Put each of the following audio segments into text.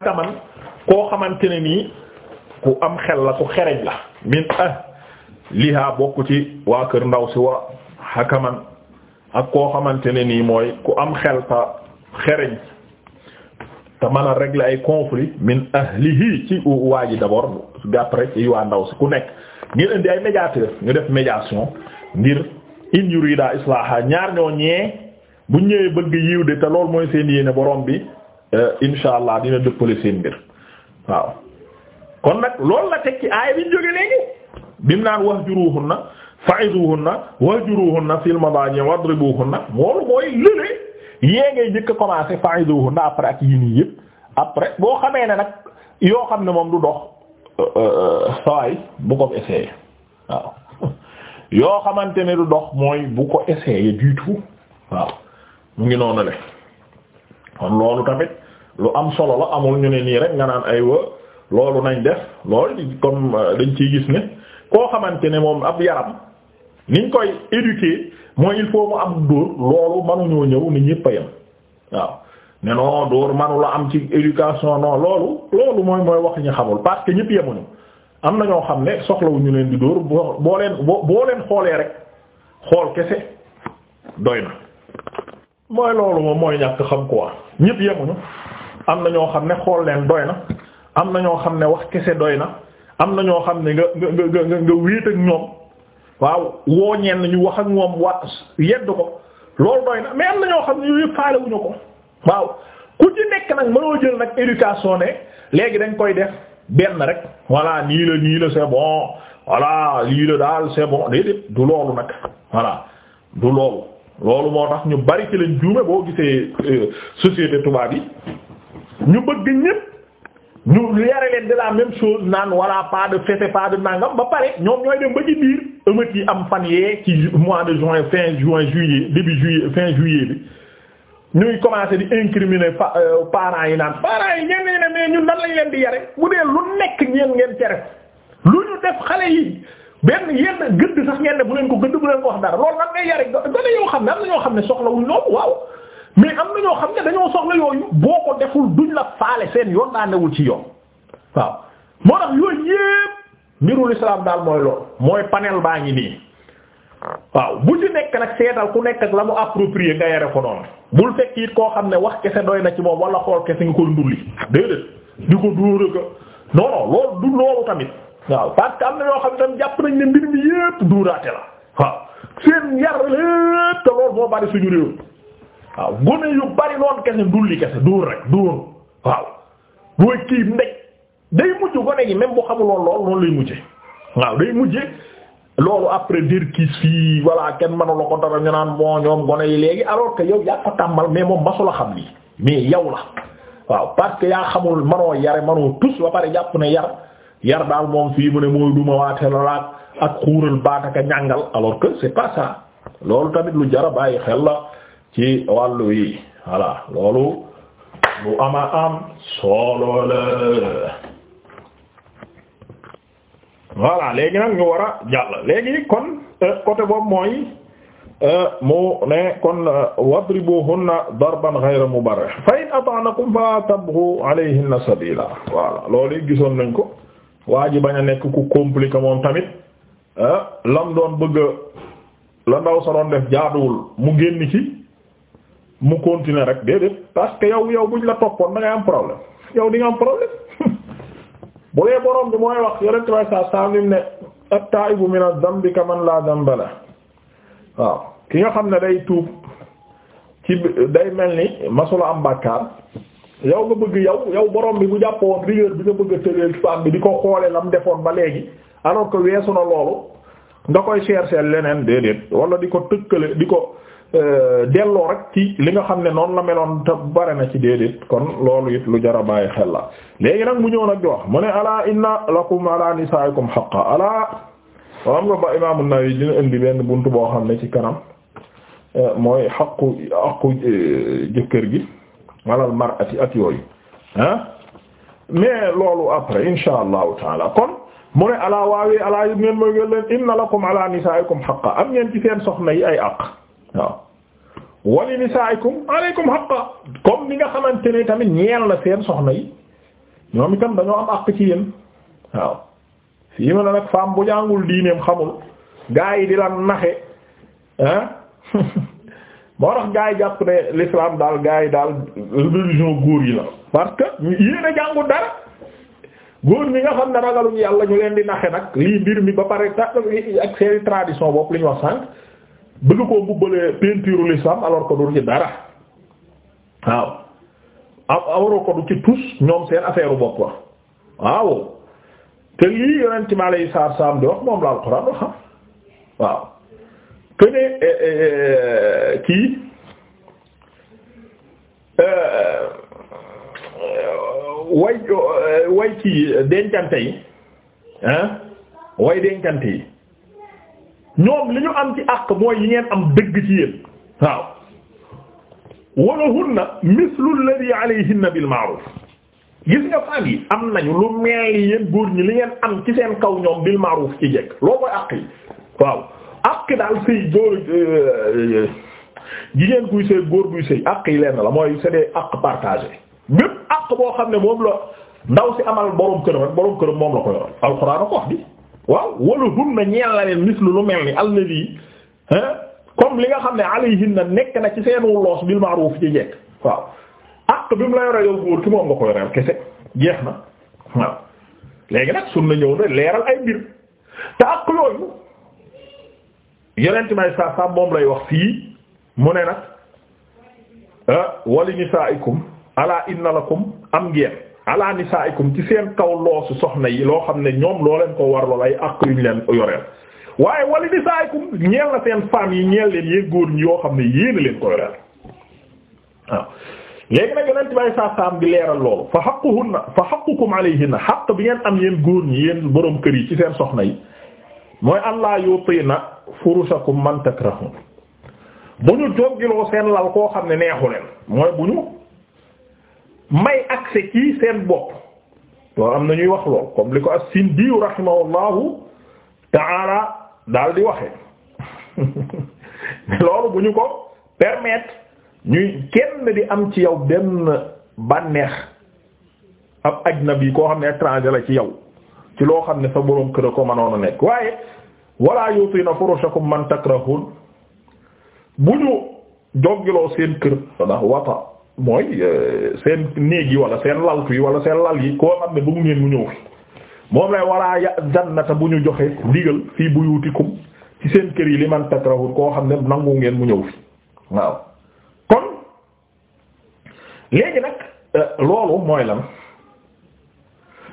taman koo xamante ne nii ku am xel la ku xereñ la min ah liha bokk ci waa kër ndaw si wa hakaman ak koo xamante ne nii mooy ku am xel ta xereñ te mën a ay conflit min ahlihi ci waa ji d'abord gàpp rek ci waa ndaw si ku nekk ngeen indi ay médiateur ñu def médiation ngir in yurida islaha ñaar ñoo ñee bu ñëwee bëgg yiw de te loolu mooy seen yéene borom bi Euh, insha allah dina dëppale seen mbir waaw kon nag loolu la teg ci aaya bi ñu jóge léegi bim naan wahjuruhunna fa'iduhunna wahjuruhunna fil madaji wadribuhunna moolu mooy lëlee yée ngay njëkk a commencé fa'iduhunna après ak yi nii yëpp après boo xamee ne nag yoo xam ne moom du dox euh, euh, sawaay bu ko essayé waaw yoo xamante ne du dox mooy bu ko essayé du tout waaw mu ngi noonu le kon loolu tamit lu am solo la amul ñu ne nii rek nga naan ay wa loolu nañ def loolu euh, comme dañ ciy gis ne koo xamante ne moom ab yaram niñ koy éduquer mooy il faut mu am dóor loolu mënuñoo ñëw ni ñépp a waaw ne non dóor mënu la am ci éducation non loolu loolu mooy mooy wax ñu xamul parce que ñépp yemuñu am na ñoo xam ne soxlawuñu leen di dóor boo boo leen boo leen xoolee rek xool kese doy na mooy loolu moom mooy ñàkk xam ko quoi ñépp yemuñu am na ñoo xam ne xool leen doy na am na ñoo xam ne wax kese doy na am na ñoo xam ne nga nga nga nga nga wéet ak ñoom waaw woo ñenn ñu wax ak ñoom wa yedd ko loolu doy na mais am na ñoo xam ne yooyu faale wuñu ko waaw ku ci nekk nag mënoo jël nag éducation ne léegi dañ koy def benn rek voilà nii la nii la c'est bon voilà lii la daal c'est bon déedéet du loolu nag voilà du loolu. loolu moo tax ñu bari ci lañ juume boo gisee euh, société tubaab yi ñu bëgg ñépp ñu yare leen de la même chose naan walla pas de fête pas de nangam ba pare ñoom ñooy dem ba ci biir ëmat yi am fan yee ci mois de juin fin juin juillet début juillet fin juillet bi ñuy commencer di incriminer euh, parents yi naan parents yi ñeen ñi ne mais ñun lañ leen di yare bu dee lu nekk ñeen ngeen tere lu ñu def xale yi benn yenn gëdd sax ngeen ne bu leen ko gënd bu leen ko wax dara loolu nag ngay yare gone yoo xam ne am na ñoo xam ne soxlawuñ loolu waaw mais am na ñoo xam ne dañoo soxla yooyu boo ko deful duñ la faale seen yoon daa newul ci yoon waaw moo tax yooyu yépp mbirul islam daal mooy lool mooy panel baa ngi nii waaw bu ci nekk nag seetal ku nekk ak la mu approprié nga yare ko noonu bul fekk it koo xam ne wax kese doy na ci moom wala xool kese nga koy ndulli déedéet a non non loolu du loolu waaw parce que am na ñoo xam tam jàpp nañ ne mbir mi yépp duuraate la waaw seen yar lépp te loolu moo bari suñu réew waaw gone yu bari noonu kese dulli kese duur rek duur waaw booy kii ndek day mujj gone gi même bu xamuloon lool noonu lay mujje waaw day mujje loolu après dir kiis fii voilà kenn mënula ko dara ñu naan moo ñoom gone yi léegi alors que yaa ko tàmbal mais moom masula xam lii mais yow la waaw parce que yaa xamul manoo yare manoo tus ba pare jàpp ne yar yar daal moom fii mu ne mooy duma waate ak xuural baataka ñàngal alors que c'est pas loolu tamit lu jara bàyyi xel la ci wàllu yi voilà loolu lu ama am solo la voilà léegi nag ñu jàll léegi kon euh, côté boobu mooy euh, mu ne kon euh, wadribuhunna darban ghayra mubarrih fa in ata'nakum fala tabghu alayhinna sabila voilà loolu gisoon nañ ko waa ji bañ a nekk ku compliqué moom tamit ah, lam doon bëgg la ndaw sa doon def jaaduwul mu génn ci mu continuer rek déedéet parce que yow yow buñ la toppoon da am problème yow di nga am problème bu dee borom bi mooy wax yore tubaab saa saa ne at-taa'ibu min ad-dambi kaman laa damba la waaw ki nga xam ne day tuub ci day mel ni masula am bàkkaar yow nga bëgg yow yow borom bi bu jàppoon rigueur bi nga bëgg a tëral femme bi di ko xoolee lam defoon ba léegi alors que weesu na loolu nga koy chercher leneen déedéet wala di ko tëkkale di ko euh, delloo rek ci li nga xam ne noonu la meloon te bare na ci déedéet kon loolu it lu jar a bàyyi xel la léegi nag mu ñëw nag di mu ne ala inna lakum ala nisaikum xaqa ala xam nga ba imaamu Nawawi dina indi benn buntu boo xam ne ci kanam euh, mooy xaqu aqu euh, jëkkër gi walal mar'ati ak yooyu ah loolu après insha allahu taala kon mu ne alaa waawee alaa yëg ngeen mooy ngeen leen inna lakum ala nisaikum xaqa am ngeen ci seen yi ay àq waaw wali nisaikum aleykum xaqa comme ni nga xamante ne tamit ñeel na seen soxna yi ñoom itam dañoo am àq ci yéen waaw fii ma ne bu jàngul diineem xamul gaa yi di la naxe ah moo tax gaa yi jàpp ne l'islam daal gaa yi daal religion góor yi la parce que yéen a jàngu dara góor ñi nga xam ne ragaluñu yàlla ñu leen di naxe nag lii mbir mi ba pare ta ak seeni tradition bopp li wax sànq bëgg koo bubbalee peinture l'islam alors que du ci dara waaw alors que du ci tous ñoom seen affaire bopp waaw te lii yonent mi alayhi salaam di wax moom la alxuraan wax waaw que ne kii euh, euh, euh, way way kii dencante yi ah way dencante yi ñoom li ñu am ci àq mooy yi ngeen am dëgg ci yéen waaw wala hunna mislu alladhi alayhinna bil ma'ruf gis nga femme yi am nañu lu mel ni góor ñi li ngeen am ci seen kaw ñoom bil ma'ruf ci jekk loo koy àq yi waaw àq daal sëy góor euh, euh, jigéen kuy sëy góor buy sëy àq yi la mooy c'est des àq partagé bépp àq boo xam ne moom la ndaw si amal borom këram rek borom moom la ko yoral alxuraan ko wax bi waaw wala hunna ñeel la leen mislu lu mel ni alladhi comme li nga xam ne alayhinna nekk na ci seenu loos bil ma'ruf ci jekk waaw àq bi mu la yoral yow góor ki moom nga ko yoral kese jeex na waaw nag sunna ñëw na leeral ay mbir te àq yooyu yonent may saa saa moom lay wax fii mu ne nag ah, wali nisaikum ala inna lakum am ngeen ala nisaikum ci seen kaw loosu soxna yi loo xam ne ñoom loo leen ko war lool ay àq yu ñu leen yoreel waaye wali nisaikum ñeel na seen femmes yi ñeel leen yéen góor ñi yoo xam ne yéen leen ko yoreel waaw léegi nag may saa saa bi leeral loolu fa haqquhunna fa haqqukum alayhinna xaq bi ngeen am yéen góor ñi yéen kër yi ci soxna yi furushakum man takrahun bu ñu joggiloo seen lal koo xam ne neexu leen mooy bu ñu may accès ci seen bopp loolu am na ñuy wax lool comme li ko ak as-Sindi rahimahullahu ta'ala daal di waxee loolu bu ñu ko permettre ñuy kenn di am ci yow benn bànneex ab ajnabi koo xam ne étranger la ci yow ci loo xam ne sa boroom kër a ko mënoon a nekk waaye wala yutina furushakum man takrahun bu ñu joggiloo seen kër ndax wata mooy euh, seen néeg yi wala seen laltu yi wala seen lal yi koo xam ne bëggu ngeen mu ñëw fi moom lay wala ya jannata bu ñu joxe digal fii buyutikum ci seen kër yi li man takrahun koo xam ne nangu ngeen mu ñëw fi waaw kon léegi nag euh, loolu mooy lan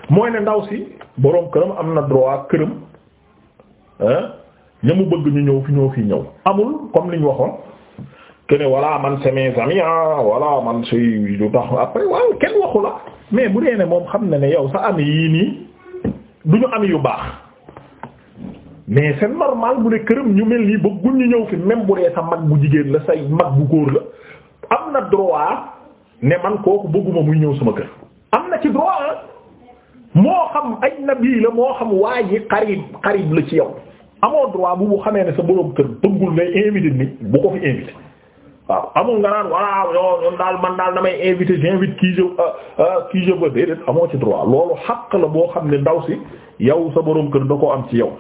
mooy ne ndaw si boroom këram am na droit këram ña bëgg ñu ñëw fi ñoo fi ñëw amul comme liñ waxoon que ne voilà man c'est mes amis ah voilà man c'est lu tax après waaw kenn waxu la mais bu dee ne moom xam na ne yow sa ami yii nii du ñu ami yu baax mais seen normal bu ne këram ñu mel nii bëgguñ ñu ñëw fi même bu dee sa mag bu jigéen la say mag bu góor la am na droit ne man kooku bëgguma muy ñëw sama kër am na ci droit moo xam ajnabi la moo xam waa ji xarib la ci yow. amoo droit bu mu xamee ne sa borom kër bëggul ngay invité nit bu ko fi invité waaw amul nga naan voilà yow daal man daal damay invité j'invite qui je euh, euh, qui je veux déedéet amoo ci droit loolu xaq la boo xam ne ndaw si yow sa boroom kër da ko am ci yow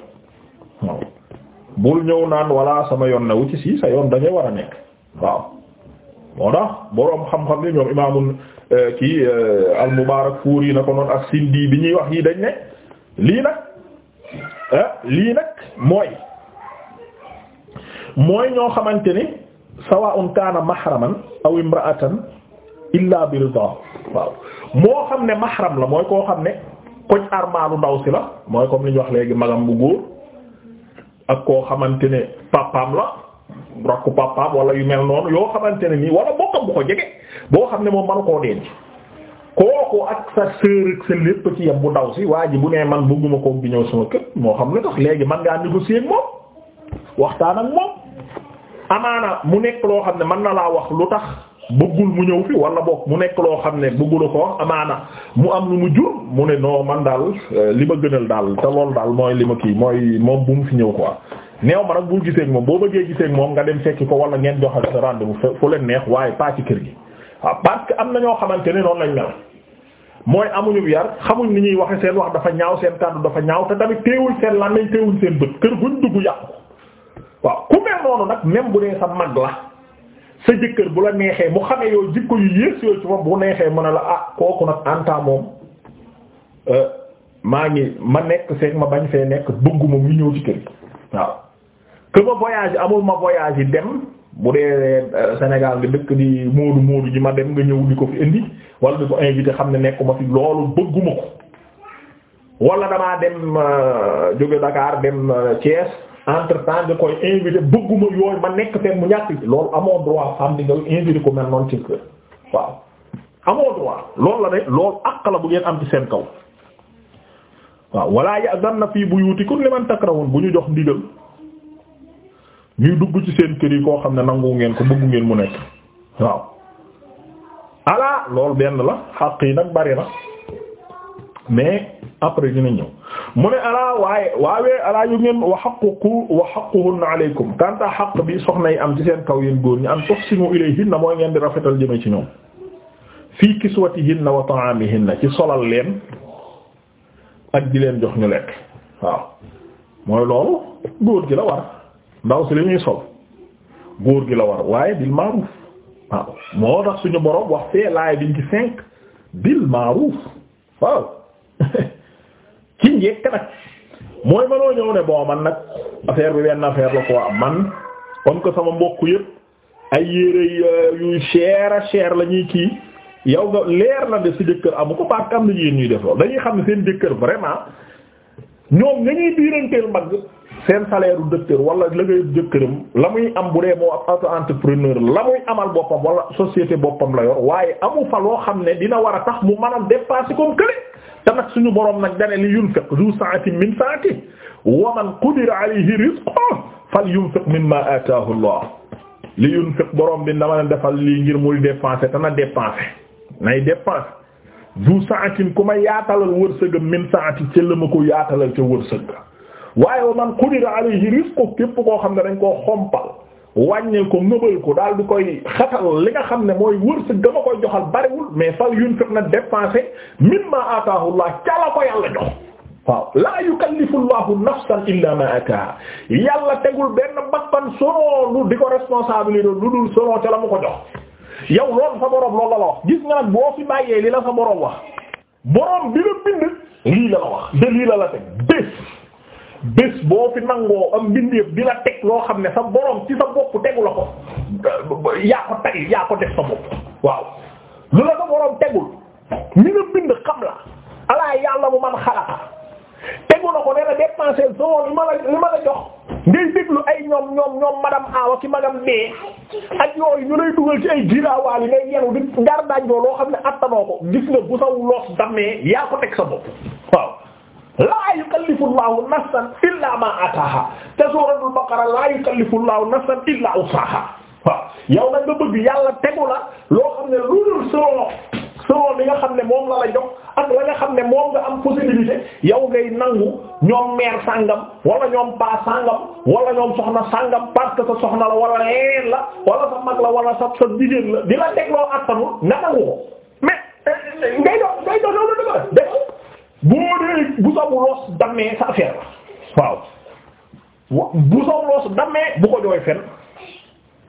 waaw bul ñëw naan voilà sama yoon na ci si sa yoon dañuy war a nekk waaw moo tax boroom xam-xam ni ñoom imaamul euh, kii al Mubaarakfuuri na ko noonu ak Sindi bi ñuy wax yi dañ ne lii nag Euh, lii nag mooy mooy ñoo xamante ni sawaa'un kaana mahraman aw imra'atan illa bi ridahu waaw moo xam ne mahram la mooy koo xam ne koñ armaalu ndaw si la mooy comme li wax léegi magam bu góor ak koo xamante ne papaam la rakku papaam wala yu mel noonu yoo xamante ne nii wala bokkam bu ko jege boo xam ne moom manu koo denc kooku ak sa sœur sa lépp ci yem bu ndaw si waa ji bu nee man bëgguma ko bi ñëw sama kër moo xam lu tax léegi man ngaa négocier ak moom waxtaan ak moom amaana mu nekk loo xam ne man na laa wax lu tax bëggul mu ñëw fi wala boog mu nekk loo xam ne bëggula ko amaana mu am lu mu jur mu ne non man daal euh, li ma gënal daal te loolu daal mooy li ma kii mooy moom bu mu fi ñëw quoi neew ma nag bul gisee ak moom boo bëggee gisee ak moom nga dem fekki ko wala ngeen joxal sa rendez-vous fu neex waaye pas ci kër gi waaw parce am na ñoo xamante ne noonu lañu mel mooy amuñu yar xamuñ ni ñuy waxe seen wax dafa ñaaw seen kàddu dafa ñaaw te tamit teewul seen lan lañ teewul seen bët kër guñ dugg yàqu ko waaw ku nag même bu dee sa mag la sa jëkkër bu la neexee mu xamee yow jikko bu neexee mën a la ah kooku nag anta moom euh, ngi ma nekk seeg ma bañ fee nekk bëgguma mu ñëw waaw que ma voyage amul ma voyage yi dem bu dee euh, Sénégal nga dëkk di Moodu Moodu ji ma dem nga ñëw di ko fi indi wala di ko invité xam ne nekkuma fi loolu bëgguma ko wala damaa dem euh, jóge Dakar dem euh, Thiès entre temps nga koy invité bëgguma yooyu ma nekk fenn mu ñàkk ci loolu amoo droit femme di invité ko mel noonu ci kër waaw amoo droit loolu la de loolu àq la bu ngeen am ci seen kaw waaw wala ya'danna fii buyutikum liman takrahun bu ñu jox ndigal. ñuy dugg ci seen kër yi koo xam ne nangu ngeen ko bëggu ngeen mu nekk waaw ala loolu benn la xàq yi nag bari na mais après yi dina ñëw mu ne alaa waaye waawee alaa yu ngeen wa xaquku wa xaquhunna aleykum kanta xaq bi soxna yi am ci seen kaw yéen góor ñu am toxsinu ilayhinna mooy ngeen di rafetal jëme ci ñoom fii yi na kiswatihinna wa na ci solal leen ak di leen jox ñu lekk waaw mooy loolu góor gi la war ndaw si li ñuy sol góor gi la war waaye bil ma'ruf waaw moo tax suñu borom wax fee laay biñ ci cinq bil ma'ruf waaw ci njekk nag mooy manoo ñëw ne bon man nag affaire bi benn affaire la quoi man comme que sama mbokk yëpp ay yére euh, yu cher a cher la kii yow nga leer la def sa jëkkër amu ko parce que am na yéen ñuy def loolu dañuy xam ne seen jëkkër vraiment ñoom ña ñuy biiranteel mbagg seen salaire u docteur wala la ngay jëkkëram la muy am bu dee moo ab auto entrepreneur la muy amal boppam wala société boppam la yor waaye amu fa loo xam ne dina war a tax mu man a dépasser comme kële te nag suñu borom nag dane li yunfiq zu sa'atin min sa'ati wa man qudira alayhi rizquhu falyunfiq mimma ataahu Allah li yunfiq borom na dama leen defal lii ngir muy dépenser te na dépenser nay dépenser zu sa'atin ku ma yaatalal wërsëgam min sa'ati ca la ma ko yaatalal ca wërsëg waaye wa man qudira alayhi rizquhu képp koo xam ne dañ koo xompal wàññil ko nëbal ko daal di koy xatal li nga xam ne mooy wërsëg dama koy joxal bariwul mais fal yunfiq na dépenser mimma ataahu llah ca la ko yàlla jox waaw laa yukallifu llahu ma ataaha yàlla tegul benn bakkan soroolu di ko responsabilité lu dul soroo ca la mu ko jox yow loolu sa boroom loolu la wax gis nga nag boo fi bàyyee li la sa boroom wax boroom bi la bind lii la la wax de la la teg bés bés boo fi nangoo am mbindeef di la teg loo xam ne sa borom ci sa bopp tegu la ko yaa ko teg yaa ko def sa bopp waaw lu la sa borom tegul mi nga bind xam la alaa yàlla mu man xalaqa tegu la ko nee na dépensé soo li ma la li ma la jox ngay déglu ay ñoom ñoom ñoom madame Awa ki madame bee ak yooyu ñu lay dugal ci ay giraawaal yi ngay yenu di ngar daajoo loo xam ne attanoo ko gis na bu saw loos dammee yaa ko teg sa bopp waaw laa yukallifu llaahu nafsan illaa maa ataaha te suuratul baqara laa yukallifu llaahu nafsan illaa wusaaha waaw yow bëgg yàlla tego la loo xam ne lu dul solo solo li nga xam ne moom la la jox ak la nga xam ne moom nga am possibilité yow ngay nangu ñoom meer sàngam wala ñoom baa sàngam wala ñoom soxna sàngam parce que sa soxna la wala leen la wala sa la wala sa sa jigéen la di la teg loo attanul nga nangu ko mais eh, eh, eh, ngay dox ngay dox loolu dëgg la boo dee bu saw loos dammee sa affaire waaw bu loos dammee bu ko jooy fen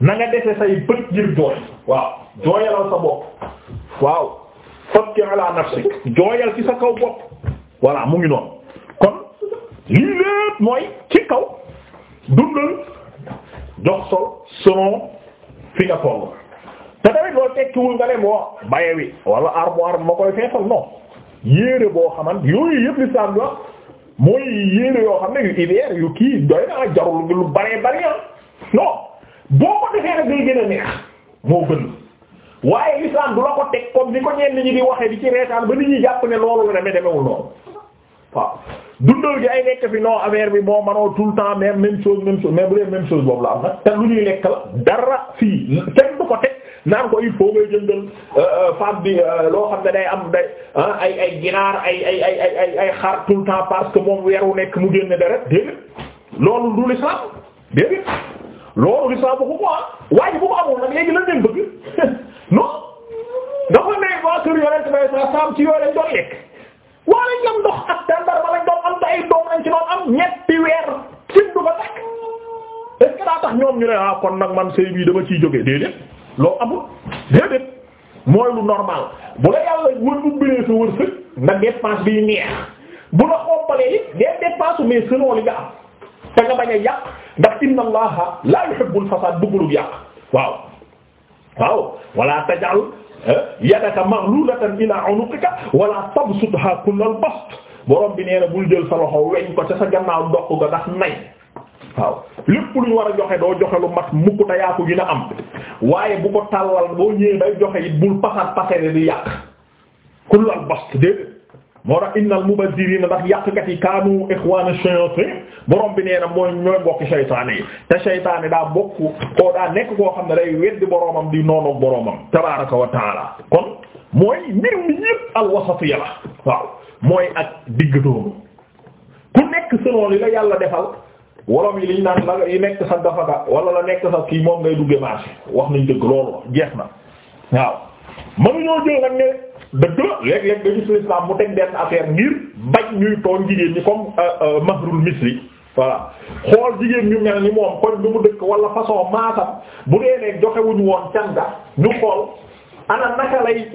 na nga dese say bët ngir jooy waaw jooyalal sa bopp waaw fakki ala nafsik jooyal ci sa kaw bopp voilà mu ngi noonu kon lii lépp mooy ci kaw dundal jox sol selon fi nga toll te tamit loolu tekkiwul nga leen woo baye armoire ma koy feesal non yéere boo xamante yooyu yëpp lislaam bi wax mooy yéere yoo xam ne yu hiver yu kii doy naa jarul lu baree bari ah non boo ko defee nag day gën a neex moo gën waaye lislaam du la ko teg comme ni ko ñenn ñi di waxee di ci reetaan ba nit ñi jàpp ne loolu la demee demewul noonu waaw dundal gi ay nekk fi non affaire bi moo ma tout le temps même même chose même chose mais bu dee même chose boobu la am nag te lu ñuy lekk la dara fii te du ko teg naan ko il faut ngay jëndal euh, euh, bi euh, loo xam ne day am day ay ginaar ay ay ay ay ay xar tout temps parce que moom weer nekk mu génne deret déedéet loolu du l'islam déedéet loolu l'islam bu ko ko waaye bu ko amul nag léegi lan ngeen bëgg non dafa nekk waa kër yonent bay saam ci yooyu lañ doon lekk waa ñu ne ah kon nag man sëy bii dama ciy jóge déedéet loo amul déedéet mooy lu normal bu la yàlla wër bu bëree sa wërsëg na dépense bi neex bu la xoompalee it des dépenses mais selon li nga am te nga bañ a yàq ndax inna allaha la yuhibbul fasad bëggulub yàq waaw waaw wala tajal eh, yadaka maghlulatan ila unuqika wala tabsutha kullal bast borom bi nee na bul jël sa loxo weñ ko ca sa gannaaw doq ga ndax nay waaw lépp lu ñu war a joxe doo joxe lu mat mukk te yaa ko gën a am waaye bu ko tàllal boo ñëwee day joxe it bul pasar pasare di yàq kullu al bast déedéet moo tax innal mubazziriina ndax yàqkat yi kaanu ixwaana shayaatiin borom bi nee na mooy ñooy mbokki shaytaane yi te shaytaane daa bokk koo daa nekk koo xam ne day weddi boromam di noonu boromam tabaaraka wa taala kon mooy mbir mi yépp al wasatiya la waaw mooy ak digg doomu ku nekk selon li la yàlla wolof yi liñ naan la yi nekk sa dafaka wala la nekk sa kii moom ngay dugge marché wax nañu dëgg loolu jeex na waaw mënuñoo jël nag ne dëgg la léeg nga gis l'islam mu teg benn affaire ngir bañ ñuy tooñ jigéen ñi comme euh, euh, mahrul misri voilà xool jigéen ñu mel ni moom koñ bi mu dëkk wala façon maasam bu dee ne joxewuñu woon canga ñu xool ana naka lay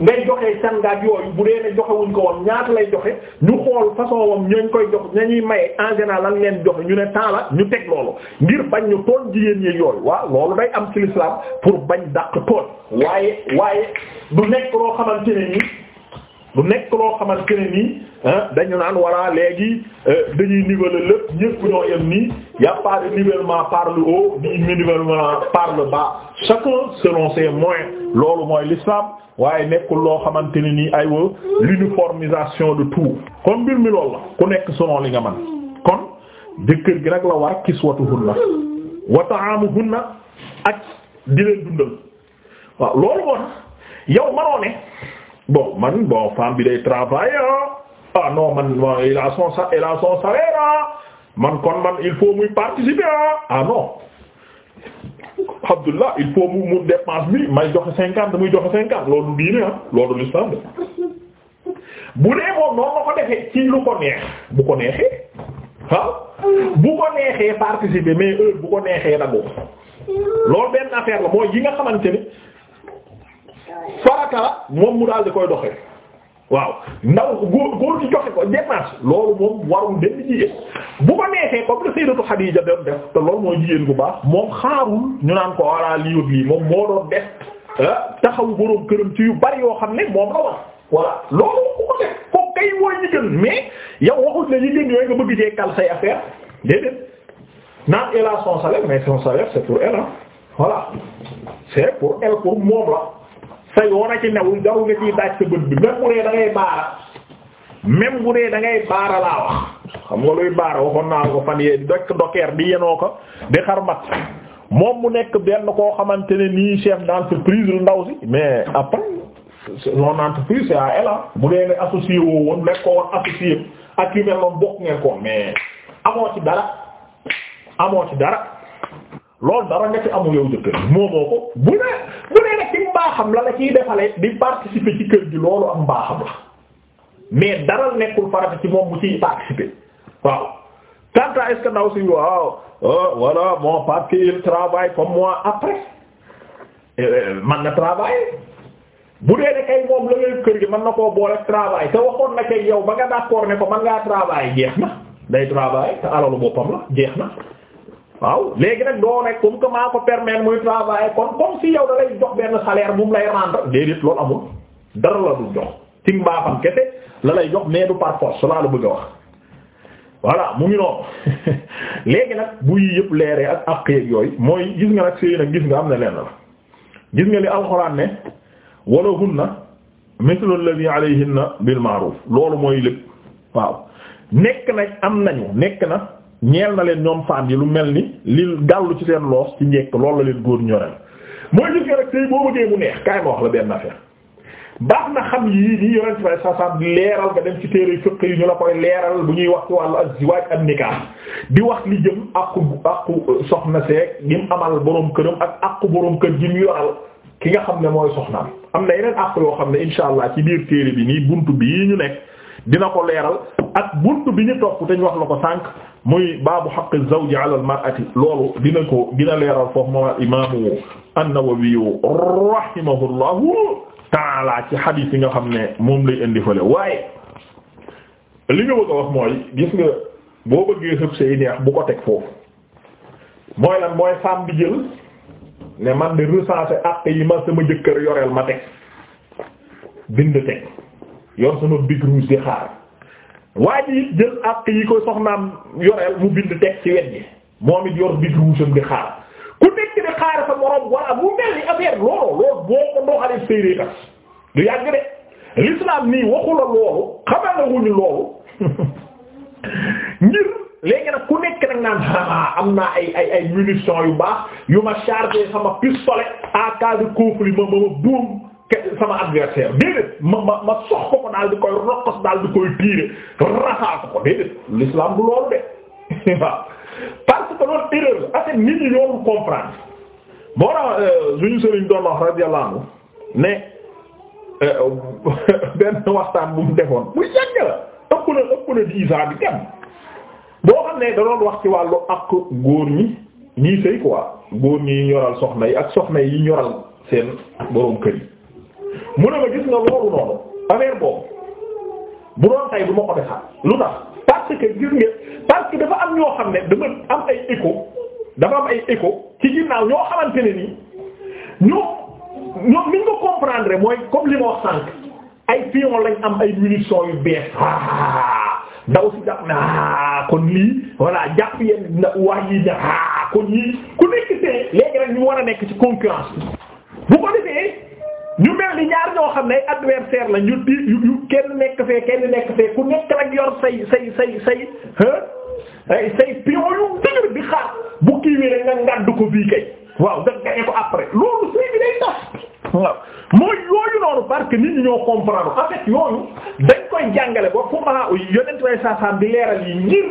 ngay joxe cangaat yooyu bu dee ne joxe wuñ ko woon ñaata lay joxe ñu xool façon wam ñooñ koy jox ñu maye en général lan leen joxe ñu ne temps la ñu teg loolu ngir bañ ñu tool jigéen ñi yooyu waaw loolu day am ci l'islam pour bañ dàq tool waaye waaye du nekk loo xamante ne nii lu nekk loo xamante ni nii dañu naan voilà léegi euh, dañuy niveler lépp ñëpp ñoo yem nii y a pas de nivellement par le haut ni nivellement par le bas chacun selon ses moyens loolu mooy l'islam waaye nekkul loo xamante ni nii ay wa l'uniformisation de tout kon mbir mi loolu la ku nekk selon li nga man kon jëkkër gi nag la war kiswatuhunna wa ta'amuhunna ak di leen dundal waaw loolu moo tax yow mënoo ne bon man bon femme bi day travailler ah, ah non man bon il son il ah. man kon man il faut muy participer ah, ah non Abdullah il faut mu mu dépense bi may joxe cinquante muy joxe cinquante loolu du diine ah loolu l'islam bu dee moom noonu la ko defee ci lu ko neex bu ko neexee ah bu ko participer mais heure bu ko neexee nag loolu benn affaire la mooy yi nga xamante ni. farata la moom mu daal di koy doxee waaw ndaw góor góor gi joxe ko dépense loolu moom warul benn jigéen bu ko neexee comme le sayyidatu Xadiija doon def te loolu mooy jigéen bu baax moom xaarul ñu naan ko walla lii wut lii moom ah, ci yu bari yoo xam ne moom la war voilà loolu ku ko kay mooy ñi gën mais yow waxut la ñi gën nga bëgg jee kal say affaire déedéet naan elle a son salaire mais c'est pour elle ah c'est pour elle pour moom la sa yoon a ci newul jaw nga ciy daaj sa bët bi même bu dee da ngay baara même bu dee da ngay baara laa wax xam nga luy baara waxoon naa ko fan yee dokk dokeer di yenoo ko di xarmat moom mu nekk benn koo xamante ne nii chef d'entreprise lu ndaw si mais après son entreprise c'est à elle bu dee ne associé woo woon nekk ko woon associé ak yu mel noonu bokk ngeen ko mais amoo ci dara amoo ci dara loolu dara nga ci amul yow jëkkër moomoo ko bu ne bu ne nag ci mbaaxam la la ciy defale di participer ci kër gi loolu am mbaaxam la mais dara nekkul farata ci moom bu ciy participer waaw tant est-ce que si waaw euh, voilà bon parce qu'il travaille comme après eh, eh, man na travailler bu dee ne kay moom la ngay kër gi mën na koo boole travail te waxoon na kay yow ba nga d'accord ne ko man ngaa travailler jeex na day travailler te alalu boppam la jeex na waaw léegi nag doo nekk comme que maa ko permettre muy travailler kon comme si yow da lay jox benn salaire bu mu lay rendre déedéet loolu amul dara la du jox ci mbaaxam kese la lay jox mais du par force laa la bëgg a wax. voilà mu ngi noonu léegi nag bu yii yëpp leeree ak ak yeeg yooyu mooy gis nga nag sëy nag gis nga am na lenn la gis nga li alxuraan ne wala hunna mithlu alladhi alayhinna bil ma'ruf loolu mooy lépp waaw nekk nañ am nañu nekk na. ñeel na leen ñoom femme yi lu mel ni li gàllu ci seen loos ci njekk loolu la leen góor ñoreel mooy gis nga rek tey boo la benn affaire na xam yii nii yonent bi sallallahu alayhi wasallam leeral dem ci téere fiqh yi ñu la koy leeral bu ñuy wax ci ak azwaaj ak nikaah di wax li jëm àqu àqu soxna seeg gi mu amal boroom këram ak àqu boroom kër gi mu yoral ki nga xam ne mooy soxnaam am na yeneen àqu yoo xam ne insha allah ci biir téere bi nii buntu bii ñu nekk dina ko leeral ak buntu bi ñu topp te ñu wax la ko sànq. muy baabu xaq zawji ala al-mar'ati loolu dina ko dina leeral foofu moom imaamu an-Nawawi rahimahullahu ci hadith yi nga xam ne moom lay indi fële waaye li nga bëgg wax mooy gis nga boo bëggee xëpp say neex bu ko teg foofu mooy lan mooy femme bi jël ne man de recenser àq yi ma sama jëkkër yoreel ma teg bind teg yor sama big rouge di xaar waa ji jël àq yi ko soxnaam yoreel mu bind teg ci wet gi moom it yor bind wuusam di xaar ku nekk di xaar sa morom wala mu mel ni affaire looloo loolu boo ko ndoxalee séeréer tas du yàgg de l'islam nii waxu loolu xamal na wuñu loolu ngir léegi nag ku nekk nag naan ah am naa ay ay ay yu baax yu ma chargé sama pistolet à cas ma ma buum. sama adversaire déedéet ma ma ma sox ko ko daal di koy rokkos daal di koy tiire raxaatu ko déedéet l'islam du loolu de waaw parce que loolu erreur la affaire nit ñi ñoo moo tax euh, suñu sëriñ doon wax radiyallahu anhu ne euh, benn waxtaan bu mu defoon bu yàgg la ëpp na ëpp na dix ans boo xam ne da doon wax ci wàllu ak góor ñi ñii sëy quoi góor ñi ñoral soxna yi ak soxna yi ñoral seen borom kër yi mu a ma gis nga loolu noonu affaire boobu bu doon tay du ma lu tax parce que gis nga parce dafa am ñoo xam ne dama am ay écho dafa am ay écho ci ginnaaw ñoo xamante ne nii ñoo ñoo ko comprendre mooy comme li ma wax sànq ay pion lañ am ay munitions yu bees daw si jàpp na kon lii voilà jàpp yenn na wax yi na kon lii ku nekk see léegi rek ñu war a nekk ci concurrence bu ko defee. ñu mel ni ñaar ñoo xam ne ay adversaire la ñu di yu kenn nekk fee kenn nekk fee ku nekk nag yor say say say say ay say pion yu dëgër di xaar bu kii wi rek nga ngàdd ko bii kay waaw nga gañe ko après loolu sëy bi day tas waaw mooy yooyu noonu parce nit ñoo comprendre en yooyu dañ koy jàngale ba fu maa yonent way saasaam di leeral yi ngir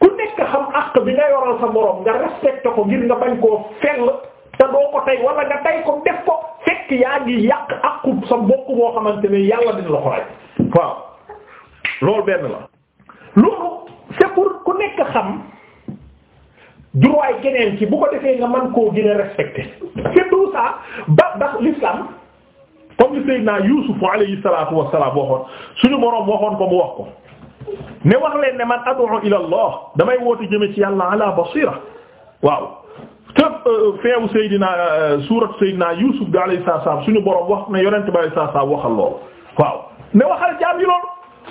ku nekk xam àq bi nga yoral sa moroom nga respecté ko ngir nga bañ koo fell te doo ko tey tey ko def ko fekk yaa ngi yàq boo xamante ne yàlla dina la loolu benn la loolu c'est pour ku nekk xam droit keneen ci bu ko defee nga man koo gën a respecté c'est tout ça ba ndax l'islam comme li Seydina waxoon suñu moroom waxoon ko mu wax ko ne wax leen ne man ad'u ila Allah damay woote jëme ci yàlla ala basira waaw te euh, euh, feewu Seydina euh, suurat Seydina Yuusuf bi alayhi salaam suñu borom wax ne yonent bi alayhi salaam waxal lool ne waxal jaam yi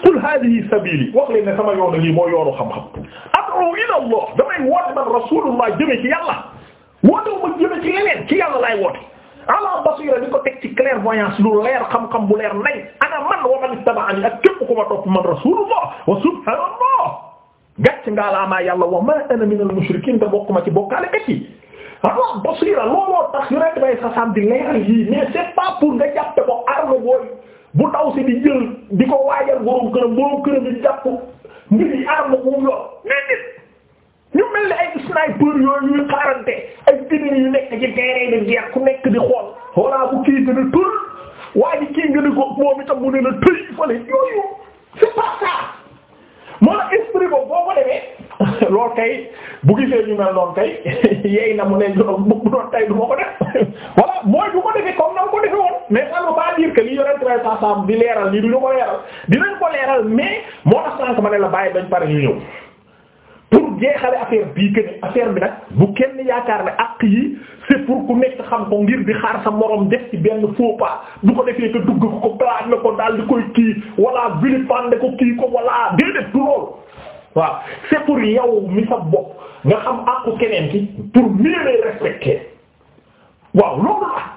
qul haadihi sabiili wax leen ne sama yoonu lii moo yoonu xam-xam ad'u ila Allah damay woote man Rasulullah jëme ci yàlla wootewu ma jëme ci leneen ci yàlla laay woote ala basira bu leer nañ ana man wa man ittaba'ani ak ku ma topp man Rasulullah wa subhaanallah gàcc ngaa laa maa yàlla wa ma ana min al mushrikiin te bokkuma ci bokkaale ah basira looloo tax yonent bay sasam di leeral yii mais c'est pas pour nga jàppe ko arme booy bu taw si di jël di ko waajal borom këram borom këram di jàpp mbir yi arme bu yor mais nit ñu mel ni ay sniper yooyu ñuy xaarante ay dinañ yu nekk ci terrain de guerre ku nekk di xool voilà bu kii gën a tur waaye kii gën a góob moom itam mu ne la tëj yooyu c'est pas moo la esprit boo ko demee loolu kay bu gisee ñu mel kay yeey na mu ne ñoom bu doon tey du ma ko def voilà mooy bu ko defee comme na nga ko defee woon mais ça ne veut pas dire que li yore traité ensemble di leeral lii du ko leeral dinañ ko leeral mais moo tax sànq ma ne la bàyyi bañ pare ñu ñëw. jeexale affaire bii que affaire bi nag bu kenn yaakaar ne àq yi c'est pour ku nekk xam ko ngir di xaar sa morom def ci benn faux pas du ko defee que dugg ko ko plaat na ko daal di koy kii wala vilipender ko kii ko wala déedéet du loolu waaw c'est pour yow mi sa bopp nga xam àqu keneen ki pour mieux respecter waaw loolu la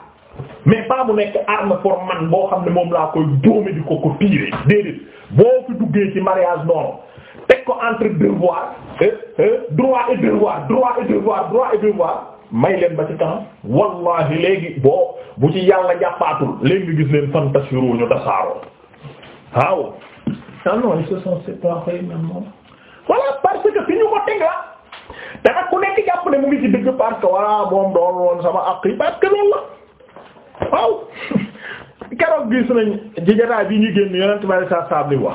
mais pas mu nekk arme pour man boo xam ne moom laa koy dóome di ko ko tiire déedéet boo fi duggee ci mariage noonu teg ko entre devoir eh, eh, droit et devoir droit et devoir droit et devoir may leen ba ci kanam wallahi léegi boo bu ci yàlla jàppaatul léegi nga gis leen fan tasiru ñu tasaaroo waaw. ah non ils se sont séparés maintenant voilà parce que fi ñu ko teg la ku nekk jàpp ne mu ngi ci dëgg parce que voilà moom doon woon sama àq yi parce que loolu la waaw keroog gis nañ jigéen bi ñu génn yonent bi sallallahu alayhi wa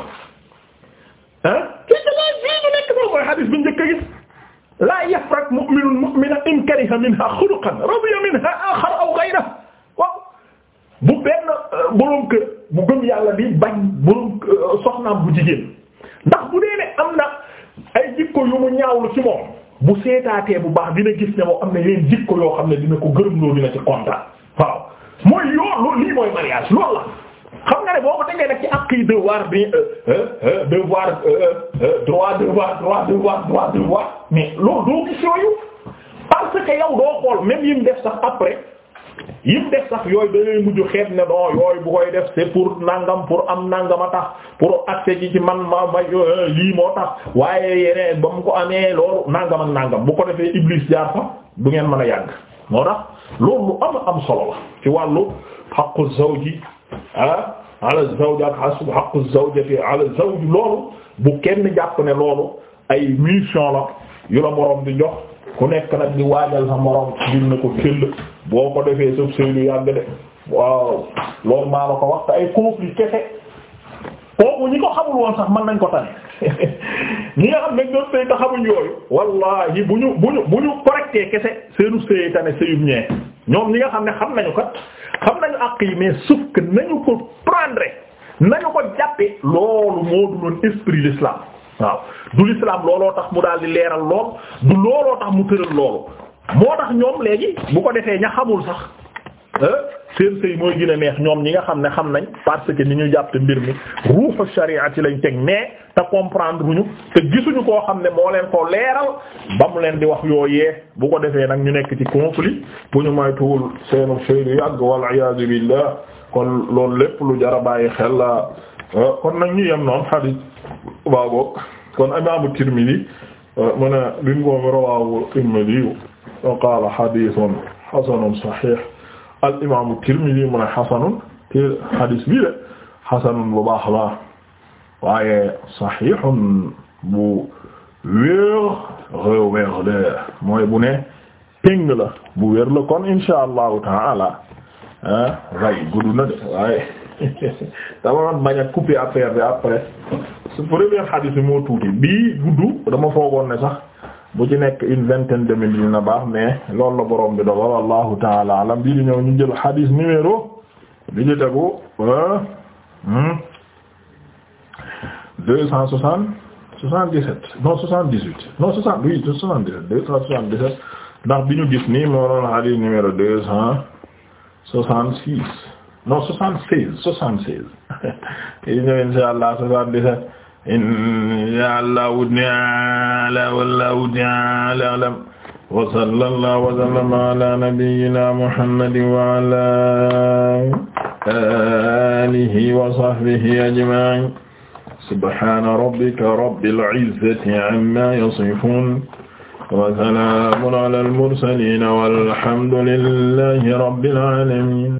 sallam wax xadis bi njëkk a gis laa yafrak mu'minun mu'minan in kariha minha xuluqan radiya minha axar aw ghayrahu waaw bu benn euh, borom kër bu gëm yàlla bi bañ borom euh, soxnaam bu jigéen ndax bu dee ne am na ay jikko yu mu ñaawlu ci moom bu seetaatee bu baax dina gis ne moom am na yeneen jikko yoo xam ne dina ko gërëm loo dina ci mooy yoo lii mooy mariage loolu la. xam nga ne boo ko tegee nag ci àq yi devoir bi euh, euh, euh, devoir droit devoir droit devoir droit devoir mais loolu doo gis yooyu parce que yow doo xool même yi mu def sax après yi mu def sax yooyu da ngay mujj xeet ne non yooyu bu koy def c'est pour nangam pour am nangam a tax pour accès ji ci man ma ma lii moo tax waaye yeneen ba mu ko amee loolu nangam ak nangam bu ko defee Iblis jaar fa du ngeen mën a yàgg moo tax loolu am am solo la ci wàllu haqqu zawji ah ala zawja haqqu zawjati ala zawj loolu bu kenn jàpp ne loolu ay mission la yu la moroom di jox ku nekk nag di waajal sa moroom dil na ko këll boo ko defee sëf sëy lu yàgg de waaw loolu maa la ko wax te ay conflit kese kooku ñi ko xamul woon sax mën nañ ko tane ñi xam nañ doon sëy te xamuñ yooyu wallahi bu ñu bu ñu bu ñu correcté kese seenu sëyee tane sëyub ñee ñoom li nga xam ne xam nañu kat xam nañu àq yi mais sauf que nañu ko prendre nañu ko jàppe loolu moo du doon esprit l'islam waaw du l'islam looloo tax mu daal di leeral lool du looloo tax mu tëral loolu moo tax ñoom léegi bu ko defee ña xamul sax seen sëy mooy gën neex ñoom ñi nga xam ne xam nañ parce que ni ñu jàpp mbir mi ruuxu shariat yi lañ teg mais te comprendre ñu te gisuñu koo xam ne moo leen ko leeral ba mu leen di wax yooyee bu ko defee nag ñu nekk ci conflit bu ñu moytuwul seenu sëy du yàgg wal iyaazu billah kon loolu lépp lu jar a bàyyi xel la kon nag ñu yem noonu xadis baaboo kon imaamu Tirmidi mu ne bi mu ko rawaahu Tirmidi wa saxiix al imaamu Tirmidi mu ne xasanun te xadis bii de xasanun bu baax la waaye saxiixun bu wéer réew wéer de mooy bu ne péng la bu wéer la kon insha allahu taala ah ray gudd na de waaye dama doon bañ a couper affaire bi après su xadis bi moo tuuti bii gudd dama foogoon ne sax. bu ci nekk une vingtaine de mille dina baax mais lool la borom bi dogal wallahu taala alam bii di ñëw ñu jël hadis numéro bi ci tegu euh, hmm, deux cent soixante soixante-dix-sept non soixante-dix-huit non soixante oui soixante deux cent soixante-dix-sept ndax bi ñu gis nii moo doon hadis numéro deux cent soixante-six non soixante-seize soixante-seize yi ñëw inshallah soixante-dix-sept inshaa Allahu ta'aala wallahu ta'aala a'lam wa sallallahu wa sallama ala nabiyyina Muhammadin wa ala alihi wa sahbihi ajma'in subhana rabbika rabbil izzati amma yasifun wa salamun ala al-mursalin walhamdulillahi rabbil alamin